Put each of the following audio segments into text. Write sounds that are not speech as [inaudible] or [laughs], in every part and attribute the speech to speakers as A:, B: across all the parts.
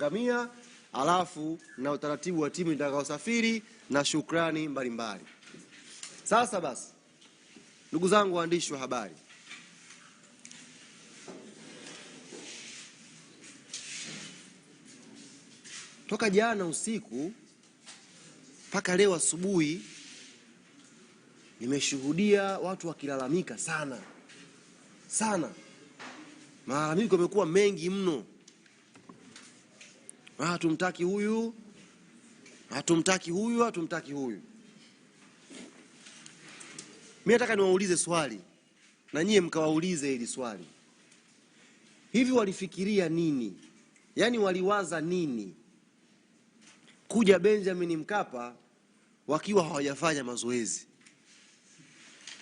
A: gamia alafu na utaratibu wa timu itakayosafiri na shukrani mbalimbali Sasa basi, ndugu zangu waandishi wa habari, toka jana usiku mpaka leo asubuhi nimeshuhudia watu wakilalamika sana sana, malalamiko yamekuwa mengi mno. Ah, hatumtaki huyu, hatumtaki huyu, hatumtaki huyu. Mimi nataka niwaulize swali na nyie mkawaulize hili swali, hivi walifikiria nini? Yaani waliwaza nini kuja Benjamin Mkapa wakiwa hawajafanya mazoezi?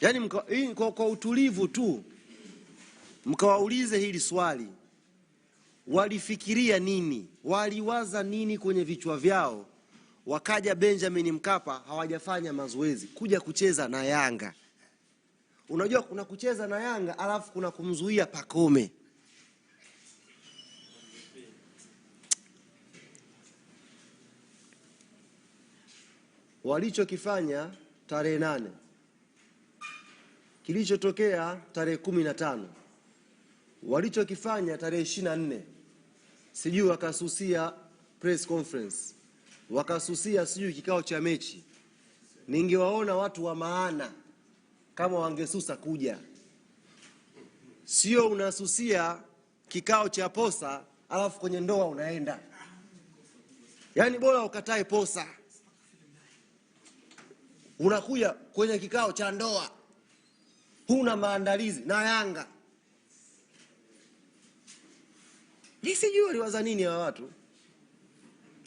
A: Yaani mka, kwa, kwa utulivu tu mkawaulize hili swali walifikiria nini, waliwaza nini kwenye vichwa vyao, wakaja Benjamin Mkapa hawajafanya mazoezi kuja kucheza na Yanga. Unajua kuna kucheza na Yanga alafu kuna kumzuia Pakome. Walichokifanya tarehe nane, kilichotokea tarehe kumi na tano, walichokifanya tarehe ishirini na nne sijui wakasusia press conference, wakasusia sijui kikao cha mechi. Ningewaona watu wa maana kama wangesusa kuja, sio unasusia kikao cha posa alafu kwenye ndoa unaenda. Yaani bora ukatae posa, unakuja kwenye kikao cha ndoa huna maandalizi na Yanga Sijui waliwaza nini hawa watu,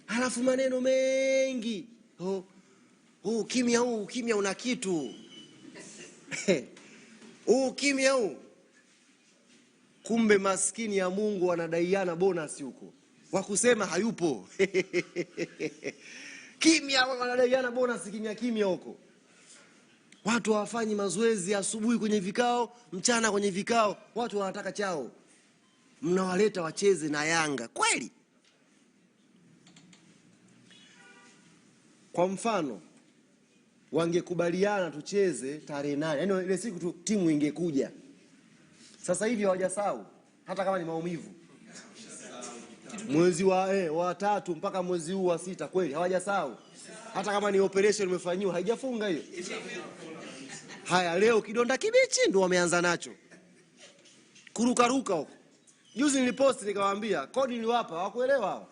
A: halafu maneno mengi oh. oh huu ukimya huu ukimya una kitu huu [laughs] ukimya oh, huu. Kumbe maskini ya Mungu wanadaiana bonus huko, wakusema hayupo [laughs] kimya, wanadaiana bonus kimya kimya huko. Watu hawafanyi mazoezi, asubuhi kwenye vikao, mchana kwenye vikao, watu wanataka chao mnawaleta wacheze na Yanga kweli? Kwa mfano wangekubaliana tucheze tarehe nane, yani ile siku tu timu ingekuja. Sasa hivi hawajasahau, hata kama ni maumivu mwezi wa, eh, wa tatu mpaka mwezi huu wa sita, kweli hawajasahau, hata kama ni operation imefanyiwa haijafunga hiyo. Haya, leo kidonda kibichi ndo wameanza nacho kurukaruka huko. Juzi niliposti nikawaambia, kodi niliwapa, hawakuelewa hao.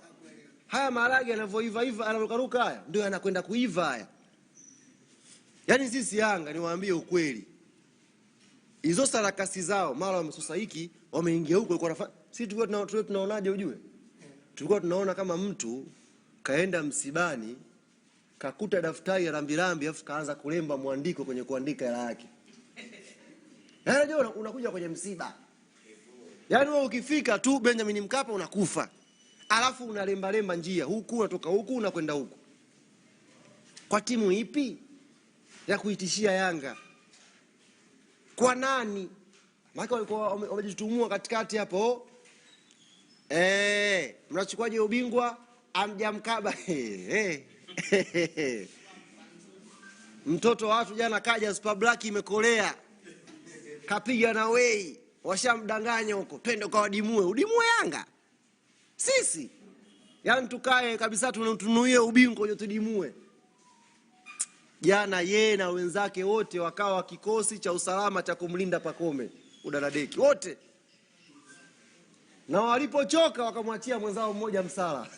A: Haya maharage yanavyoiva iva, yanarukaruka haya ndio yanakwenda kuiva haya. Yaani sisi Yanga niwaambie ukweli. Hizo sarakasi zao mara wamesusa hiki, wameingia huko ilikuwa nafanya. Sisi tulikuwa tunaonaje ujue? Tulikuwa tunaona kama mtu kaenda msibani kakuta daftari ya rambirambi afu kaanza kulemba mwandiko kwenye kuandika hela yake. Yaani unajua unakuja kwenye msiba Yaani wewe ukifika tu Benjamin Mkapa unakufa. Alafu unalembalemba njia huku unatoka huku unakwenda huku. Kwa timu ipi ya kuitishia Yanga? Kwa nani? Maana walikuwa wamejitumua katikati hapo. Eh, mnachukuaje ubingwa amjamkaba? Eh. [laughs] Mtoto wa watu jana kaja Super Black imekolea. Kapiga na wei washamdanganya huko, twende kawadimue. Udimue Yanga sisi, yaani tukae kabisa, tunatunuie ubingwa uje tudimue. Jana yeye na wenzake wote wakawa kikosi cha usalama cha kumlinda Pakome udaradeki wote, na walipochoka wakamwachia mwenzao mmoja msala [laughs]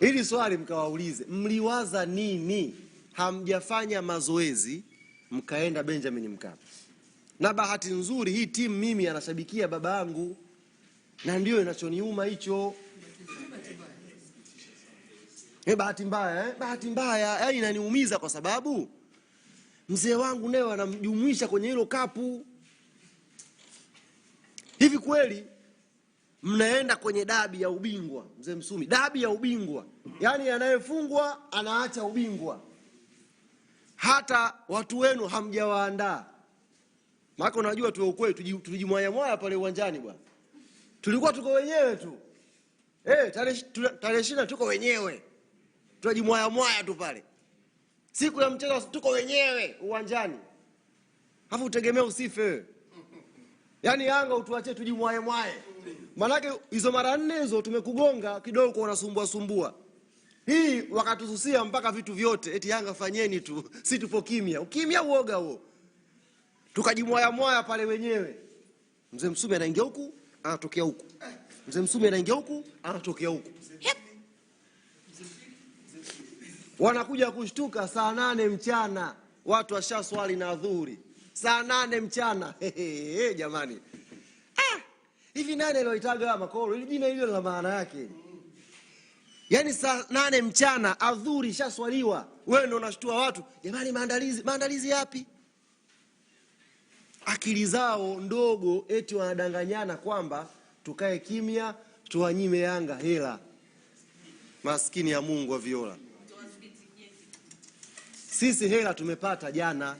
A: Hili swali mkawaulize, mliwaza nini? Hamjafanya mazoezi mkaenda Benjamin Mkapa, na bahati nzuri hii timu mimi anashabikia baba yangu, na ndio inachoniuma hicho. Eh, bahati mbaya eh? bahati mbaya yaani, inaniumiza kwa sababu mzee wangu naye wanamjumuisha kwenye hilo kapu. Hivi kweli mnaenda kwenye dabi ya ubingwa, mzee Msumi, dabi ya ubingwa, yaani anayefungwa anaacha ubingwa hata watu wenu hamjawaandaa. Maana unajua tu ukweli, tulijimwayamwaya pale uwanjani bwana, tulikuwa tuko wenyewe tu eh, tarehe ishirini tuko wenyewe, tunajimwayamwaya tu pale. Siku ya mchezo tuko wenyewe uwanjani, afu utegemea usife wewe. Yaani Yanga utuachie mwaye. maanake hizo mara nne hizo tumekugonga kidogo, unasumbua sumbua hii wakatususia mpaka vitu vyote, eti Yanga fanyeni tu, si tupo kimya. Ukimya uoga huo, tukajimwaya mwaya pale wenyewe. Mzee Msumi anaingia huku anatokea huku, mzee Msumi anaingia huku anatokea huku. Wanakuja kushtuka saa nane mchana, watu washa swali na adhuhuri saa nane mchana. [laughs] Hehehe, jamani, ah, hivi nani alioitaga makoro? Ili jina hilo la maana yake Yaani saa nane mchana adhuri ishaswaliwa, wewe ndio unashtua watu jamani, maandalizi maandalizi yapi? Akili zao ndogo, eti wanadanganyana kwamba tukae kimya tuwanyime Yanga hela. Maskini ya Mungu wa Viola, sisi hela tumepata jana.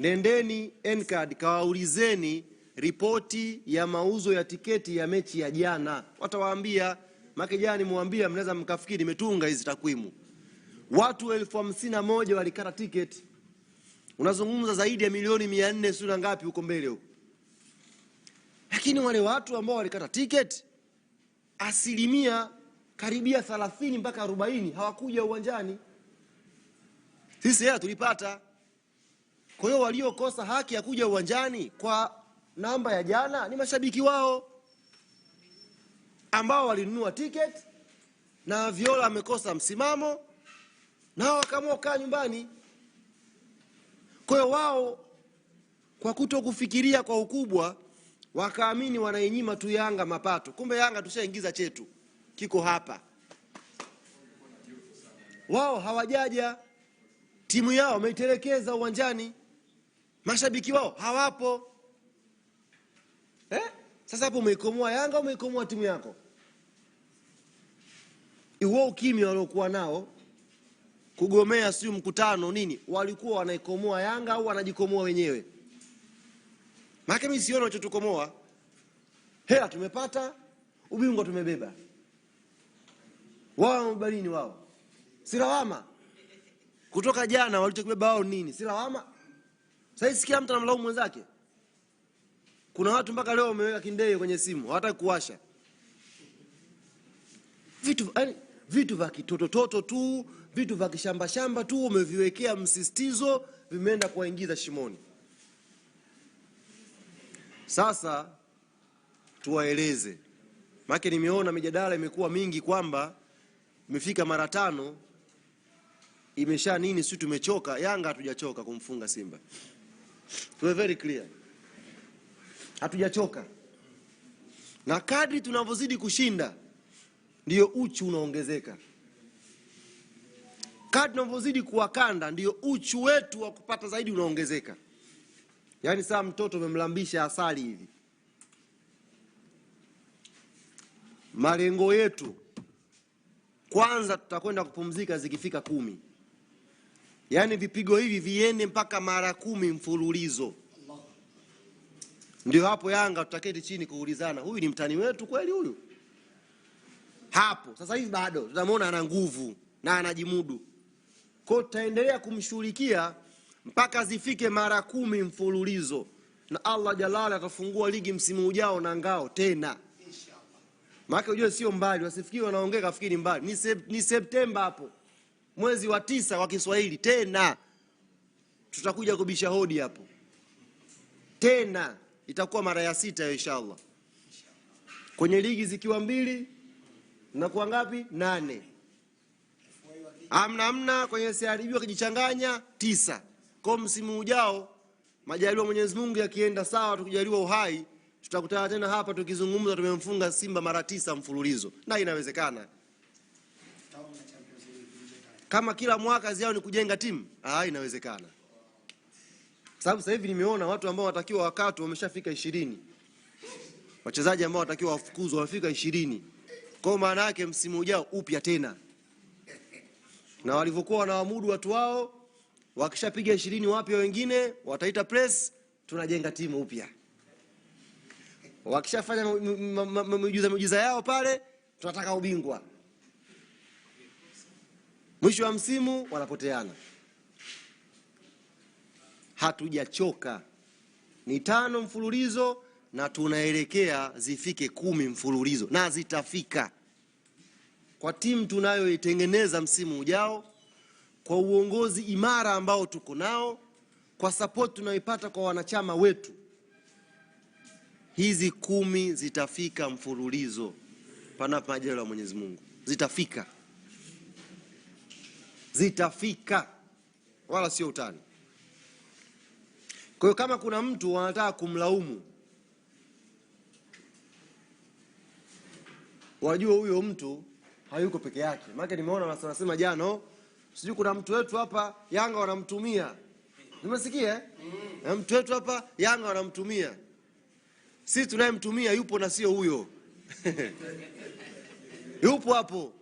A: Nendeni Ncard kawaulizeni ripoti ya mauzo ya tiketi ya mechi ya jana, watawaambia. Maki jana muambia mnaweza mkafikiri nimetunga hizi takwimu. Watu elfu hamsini na moja walikata tiketi. Unazungumza zaidi ya milioni mia nne sio na ngapi huko mbele huko. Lakini wale watu ambao walikata tiketi asilimia karibia thalathini mpaka arobaini hawakuja uwanjani. Sisi hela tulipata. Kwa hiyo waliokosa haki ya kuja uwanjani kwa namba ya jana ni mashabiki wao ambao walinunua tiketi na Viola amekosa msimamo, nao wakaamua kukaa nyumbani. Kwa hiyo wao kwa kuto kufikiria kwa ukubwa, wakaamini wanainyima tu Yanga mapato, kumbe Yanga tushaingiza chetu kiko hapa. Wao hawajaja, timu yao wameitelekeza uwanjani, mashabiki wao hawapo eh? Sasa hapo umeikomoa Yanga, umeikomoa timu yako. Huo ukimya waliokuwa nao kugomea, sio mkutano nini, walikuwa wanaikomoa Yanga au wanajikomoa wenyewe? maake mimi sioni wanachotukomoa. Hela tumepata, ubingwa tumebeba, wao wamebanini wao, silawama kutoka jana walichokibeba wao nini? Silawama sasa. Kila mtu anamlaumu mwenzake. Kuna watu mpaka leo wameweka kindeo kwenye simu hawataki kuwasha vitu yani, vitu vya kitotototo tu, vitu vya kishambashamba tu, umeviwekea msisitizo, vimeenda kuwaingiza shimoni. Sasa tuwaeleze, maana nimeona mijadala imekuwa mingi kwamba imefika mara tano imesha nini, sisi tumechoka. Yanga hatujachoka kumfunga Simba, tuwe very clear, hatujachoka na kadri tunavyozidi kushinda ndio uchu unaongezeka. kadi tunavyozidi kuwakanda, ndio uchu wetu wa kupata zaidi unaongezeka. Yaani saa mtoto umemlambisha asali hivi. Malengo yetu kwanza, tutakwenda kupumzika zikifika kumi, yaani vipigo hivi viende mpaka mara kumi mfululizo ndio hapo Yanga tutaketi chini kuulizana, huyu ni mtani wetu kweli huyu? hapo. Sasa hivi bado tutamwona ana nguvu na anajimudu, kwa hiyo tutaendelea kumshughulikia mpaka zifike mara kumi mfululizo, na Allah jalala atafungua ligi msimu ujao na ngao tena. Maana ujue sio mbali, wasifikiri wanaongea kafikiri mbali. Ni, sep, ni Septemba hapo mwezi wa tisa kwa Kiswahili tena, tutakuja kubisha hodi hapo tena, itakuwa mara ya sita inshallah, kwenye ligi zikiwa mbili Mnakuwa ngapi? Nane. Amna amna kwenye siharibiwa kijichanganya tisa. Kwa msimu ujao majaliwa Mwenyezi Mungu yakienda sawa, tukijaliwa uhai, tutakutana tena hapa tukizungumza. Tumemfunga Simba mara tisa mfululizo na inawezekana kama kila mwaka ziao ni kujenga timu ah, inawezekana. Sababu sasa hivi nimeona watu ambao watakiwa wakatu wameshafika ishirini, wachezaji ambao watakiwa wafukuzwe wamefika ishirini. Kwa maana yake msimu ujao upya tena, na walivyokuwa wanaamudu watu wao, wakishapiga ishirini wapya wengine wataita press, tunajenga timu upya. Wakishafanya miujiza miujiza yao pale, tunataka ubingwa. Mwisho wa msimu wanapoteana. Hatujachoka, ni tano mfululizo na tunaelekea zifike kumi mfululizo na zitafika kwa timu tunayoitengeneza msimu ujao, kwa uongozi imara ambao tuko nao, kwa sapoti tunayoipata kwa wanachama wetu, hizi kumi zitafika mfululizo, panapo majaliwa ya Mwenyezi Mungu zitafika, zitafika, wala sio utani. Kwa hiyo kama kuna mtu wanataka kumlaumu wajua huyo mtu hayuko peke yake. Maana nimeona wanasema jana, oh, sijui kuna mtu wetu hapa Yanga wanamtumia, nimesikia eh? mm. Eh, mtu wetu hapa Yanga wanamtumia. Sisi tunayemtumia yupo na sio huyo [laughs] yupo hapo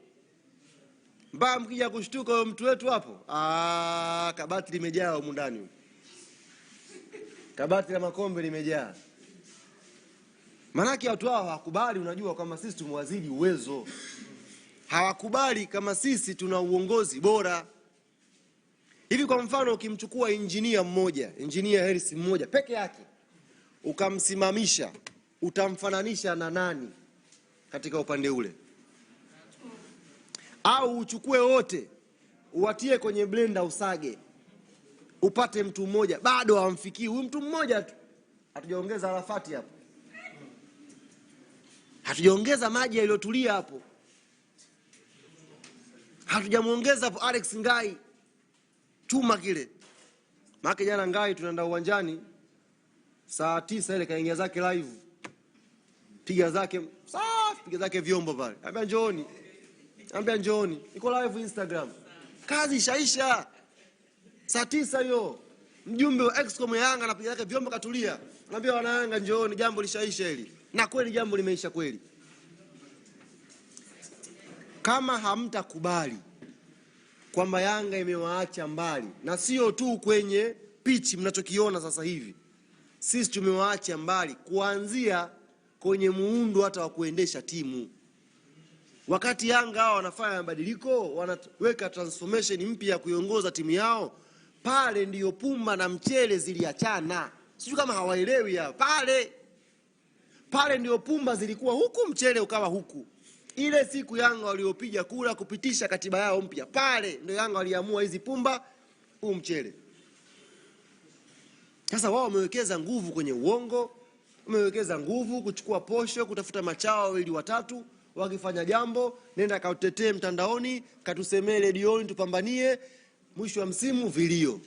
A: mbaya, mkija kushtuka huyo mtu wetu hapo. Ah, kabati limejaa huko ndani, kabati la makombe limejaa. Maanake watu hao hawakubali, unajua kama sisi tumewazidi uwezo, hawakubali kama sisi tuna uongozi bora. Hivi kwa mfano, ukimchukua injinia mmoja, injinia Harris mmoja peke yake, ukamsimamisha, utamfananisha na nani katika upande ule? Au uchukue wote uwatie kwenye blender, usage, upate mtu mmoja, bado hamfikii huyu mtu mmoja tu. Hatujaongeza harafati hapo hatujaongeza maji yaliyotulia hapo, hatujamwongeza hapo Alex Ngai chuma kile. Maana jana Ngai tunaenda uwanjani saa tisa ile kaingia zake live, piga zake safi, piga zake vyombo pale, ambia njooni, ambia njooni, iko live Instagram, kazi shaisha saa tisa hiyo mjumbe wa excom ya Yanga anapiga zake vyombo, katulia, anambia wana Yanga njooni, jambo lishaisha hili na kweli jambo limeisha kweli. Kama hamtakubali kwamba Yanga imewaacha mbali, na sio tu kwenye pichi mnachokiona sasa hivi, sisi tumewaacha mbali kuanzia kwenye muundo hata wa kuendesha timu. Wakati Yanga hao wanafanya mabadiliko, wanaweka transformation mpya ya kuiongoza timu yao, pale ndiyo pumba na mchele ziliachana. Sijui kama hawaelewi hapa pale pale ndio pumba zilikuwa huku, mchele ukawa huku. Ile siku Yanga waliopiga kura kupitisha katiba yao mpya, pale ndio Yanga waliamua hizi pumba, huu mchele. Sasa wao wamewekeza nguvu kwenye uongo, wamewekeza nguvu kuchukua posho, kutafuta machawa wawili watatu wakifanya jambo, nenda kautetee mtandaoni, katusemee redioni, tupambanie. Mwisho wa msimu vilio,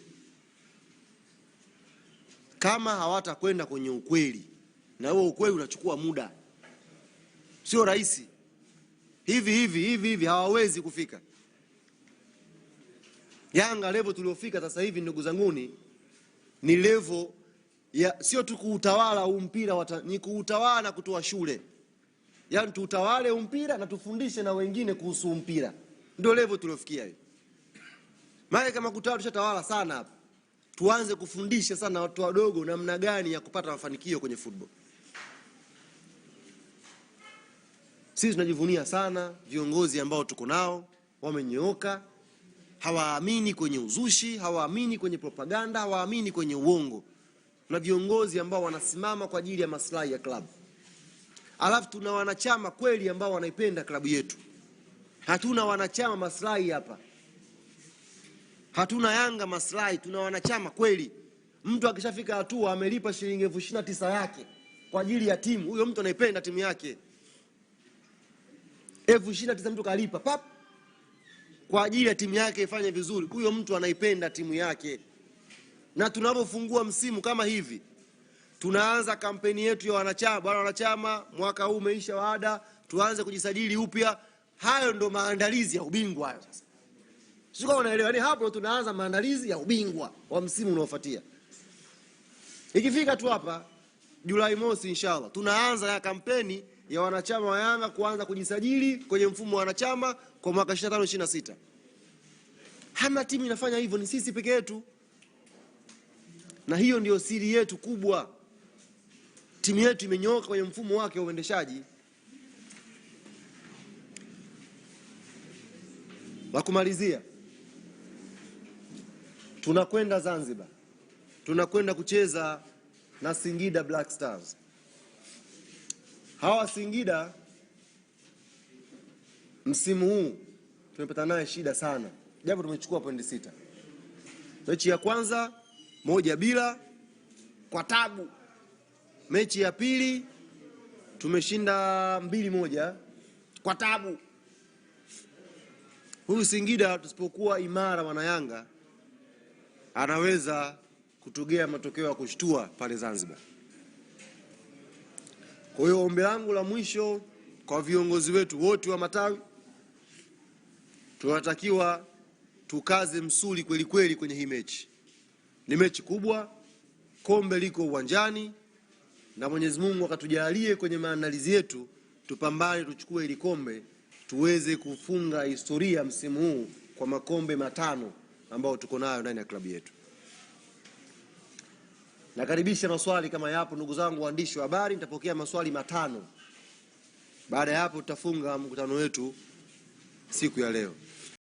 A: kama hawatakwenda kwenye ukweli na huo ukweli unachukua muda, sio rahisi hivi hivi hivi hivi, hawawezi kufika Yanga levo tuliofika sasa hivi, ndugu zanguni, ni levo ya sio tu kuutawala huu mpira, ni kuutawala na kutoa shule, yaani tuutawale huu mpira na tufundishe na wengine kuhusu mpira, ndio levo tuliofikia hiyo. Maana kama kutawala tushatawala sana hapa, tuanze kufundisha sana watu wadogo namna gani ya kupata mafanikio kwenye football. Sisi tunajivunia sana viongozi ambao tuko nao, wamenyooka, hawaamini kwenye uzushi, hawaamini kwenye propaganda, hawaamini kwenye uongo, na viongozi ambao wanasimama kwa ajili ya maslahi ya klabu. Alafu tuna wanachama kweli ambao wanaipenda klabu yetu. Hatuna wanachama maslahi hapa, hatuna Yanga maslahi, tuna wanachama kweli. Mtu akishafika hatua amelipa shilingi elfu tisa yake kwa ajili ya timu, huyo mtu anaipenda timu yake elfu ishirini na tisa mtu kalipa pap kwa ajili ya timu yake ifanye vizuri. Huyo mtu anaipenda timu yake, na tunapofungua msimu kama hivi tunaanza kampeni yetu ya wanachama. Bwana wanachama, mwaka huu umeisha wa ada, tuanze kujisajili upya. Hayo ndo maandalizi ya ubingwa hayo. Sasa sio unaelewa, yani hapo tunaanza maandalizi ya ubingwa wa msimu unaofuatia. Ikifika tu hapa Julai mosi, inshallah tunaanza ya kampeni ya wanachama wa Yanga kuanza kujisajili kwenye mfumo wa wanachama kwa mwaka 25 26. Hamna timu inafanya hivyo, ni sisi peke yetu, na hiyo ndio siri yetu kubwa. Timu yetu imenyooka kwenye mfumo wake wa uendeshaji. La kumalizia, tunakwenda Zanzibar, tunakwenda kucheza na Singida Black Stars. Hawa Singida msimu huu tumepata naye shida sana, japo tumechukua pointi sita. Mechi ya kwanza moja bila kwa tabu, mechi ya pili tumeshinda mbili moja kwa tabu. Huyu Singida tusipokuwa imara, wana Yanga, anaweza kutugea matokeo ya kushtua pale Zanzibar. Kwa hiyo ombi langu la mwisho kwa viongozi wetu wote wa matawi, tunatakiwa tukaze msuli kweli kweli kwenye hii mechi. Ni mechi kubwa, kombe liko uwanjani, na Mwenyezi Mungu akatujalie kwenye maandalizi yetu, tupambane, tuchukue ili kombe, tuweze kufunga historia msimu huu kwa makombe matano ambayo tuko nayo ndani ya klabu yetu. Nakaribisha maswali kama yapo, ndugu zangu waandishi wa habari, nitapokea maswali matano. Baada ya hapo, tutafunga mkutano wetu siku ya leo.